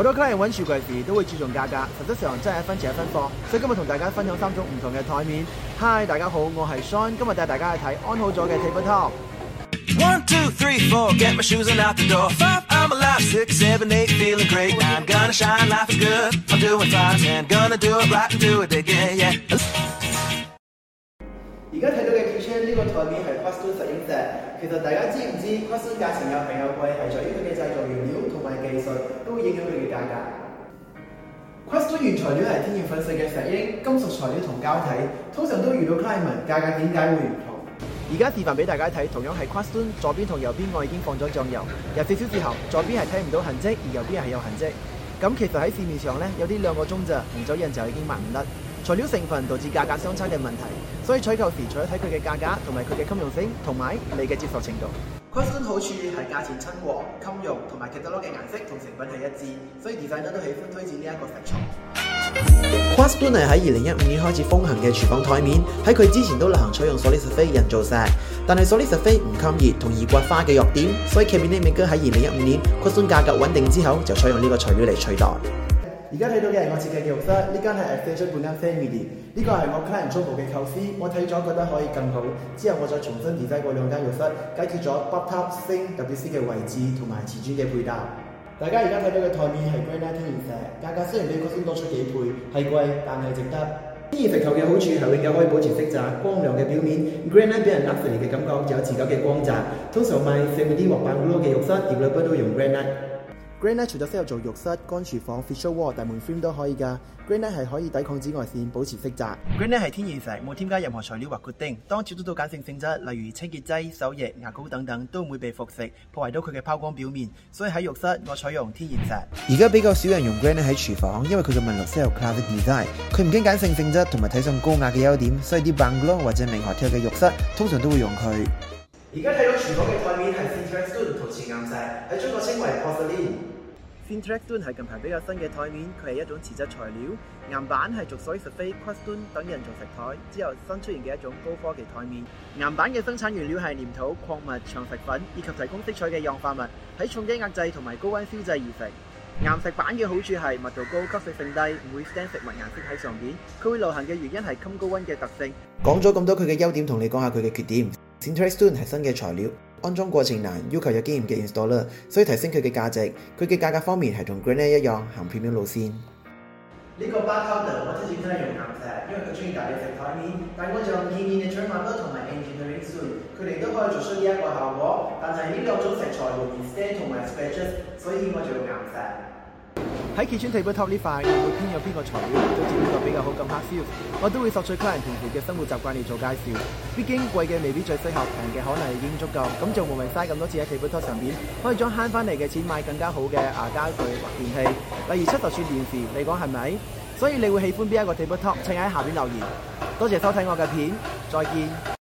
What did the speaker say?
好多客人揾櫥櫃時都會注重價格，實質上真係一分錢一分貨。所以今日同大家分享三種唔同嘅台面。Hi，大家好，我係 Sean，今日帶大家去睇安好咗嘅 Table Top。One, two, three, four, 外面係 quartz 石英石，其實大家知唔知 quartz 價錢又平又貴，係在於佢嘅製造原料同埋技術都會影響佢嘅價格。quartz 原材料係天然粉碎嘅石英，金屬材料同膠體，通常都遇到 pattern 價格點解會唔同？而家示範俾大家睇，同樣係 quartz，左邊同右邊我已經放咗醬油，入少少之後，左邊係睇唔到痕跡，而右邊係有痕跡。咁其實喺市面上咧，有啲兩個鍾咋，唔走印就已經賣唔甩。材料成分導致價格相差嘅問題，所以採購時除咗睇佢嘅價格，同埋佢嘅兼用性，同埋你嘅接受程度。Quartzone 好處係價錢親和、兼用，同埋其他多嘅顏色同成品係一致，所以設計師都喜歡推薦呢一個材質。q u a s t z o n e 係喺二零一五年開始風行嘅廚房台面，喺佢之前都流行採用 s o l i s a 人造石，但係 s o l i s a 唔兼容同易刮花嘅弱點，所以 k 面呢名家喺二零一五年 Quartzone 價格穩定之後，就採用呢個材料嚟取代。而家睇到嘅係我設計嘅浴室，呢間係 exceed 半間 family，呢個係我 client 初步嘅構思，我睇咗覺得可以更好，之後我再重新設計過兩間浴室，解決咗 bathtub sink 特別啲嘅位置同埋瓷磚嘅配搭。大家而家睇到嘅台面係 granite 天然石，價格雖然比高先多出幾倍，係貴但係值得。天然石頭嘅好處係永久可以保持色澤光亮嘅表面，granite 俾人握起嚟嘅感覺又有持久嘅光澤。通常買 family 或半高嘅浴室，越來越多用 granite。Granite 除咗適合做浴室、乾廚房、feature wall、大門 frame 都可以噶。Granite 係可以抵抗紫外線，保持色澤。Granite 係天然石，冇添加任何材料或決定。當接觸到鹼性性質，例如清潔劑、手液、牙膏等等，都唔會被腐蝕，破壞到佢嘅拋光表面。所以喺浴室，我採用天然石。而家比較少人用 Granite 喺廚房，因為佢嘅紋理適合 classic design。佢唔驚鹼性性質同埋睇上高雅嘅優點，所以啲 bungalow 或者名學調嘅浴室通常都會用佢。而家睇到廚房嘅台面係 interstool 陶瓷岩石，喺中國稱為 porcelain。Intertechton 係近排比較新嘅台面，佢係一種瓷質材料。岩板係屬水石非 quartzton 等人造石台，之後新出現嘅一種高科技台面。岩板嘅生產原料係黏土、礦物、長石粉以及提供色彩嘅氧化物，喺重機壓製同埋高溫燒製而成。岩石板嘅好處係密度高、吸水性低，唔會沾食物顏色喺上邊。佢會流行嘅原因係襟高溫嘅特性。講咗咁多佢嘅優點，同你講下佢嘅缺點。Intertechton 係新嘅材料。安裝過程難，要求有經驗嘅 installer，所以提升佢嘅價值。佢嘅價格方面係同 granite 一樣行 premium 路線。呢個 bar counter 我之前都係用岩石，因為佢中意大理石台面。但我就見見嘅長板都同埋 engineering stone 佢哋都可以做出呢一個效果。但係呢兩種石材用 instead 同埋 squares，p 所以我就用岩石。喺揭穿 table top 呢塊，你會偏有邊個材料或者邊個比較好咁黑銷？我都會索取客人平時嘅生活習慣嚟做介紹。畢竟貴嘅未必最適合，平嘅可能已經足夠。咁就無謂嘥咁多錢喺 table top 上面，可以將慳翻嚟嘅錢買更加好嘅啊傢俱或電器。例如七十寸電視，你講係咪？所以你會喜歡邊一個 table top？請喺下邊留言。多謝收睇我嘅片，再見。